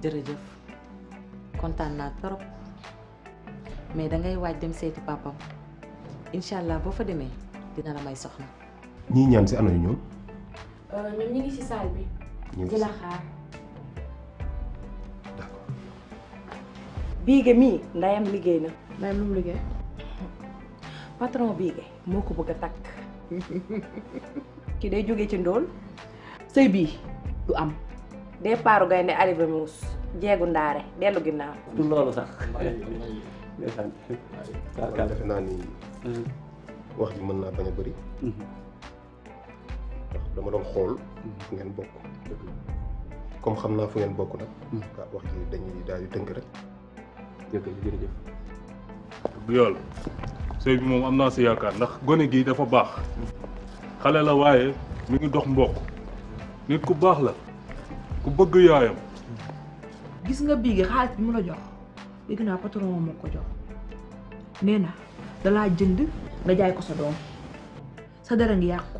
jërëjëf kontaan naa trop mais da ngay waaj dem seeti papam inshallah allah boo fa demee dina la may soxna. ñii ñaan si ana ñu euh, ñoom. ñoom ñu ngi si salle bi. ñu di la xaar. d'accord. biige mii ndayam liggéey na. ndayam lu mu liggéey. patron biige moo ko bëgg a takk. ki day jógee ci ndóol. sëy bii du am. départu gaynde arrivé muus jeegu ndaare dellu ginnaaw. du loolu sax. waaw defe naa ni wax ji mën naa bañ a bëri. dama doon xool fu ngeen bokk. xam naa fu ngeen bokk nag. waaw wax ji dañuy daal di tënk rek. jërëjëf jërëjëf. bi moom am naa si yaakaar ndax gone gi dafa baax. xale la waaye mi ngi dox mbokk nit ku baax la. ku bëgg yaayam. gis nga bii gi xaalis bi mu la jox dégg naa patron moo ko jox nee na dalaa jënd nga jaay ko sa doom sa dara ngi yàqu.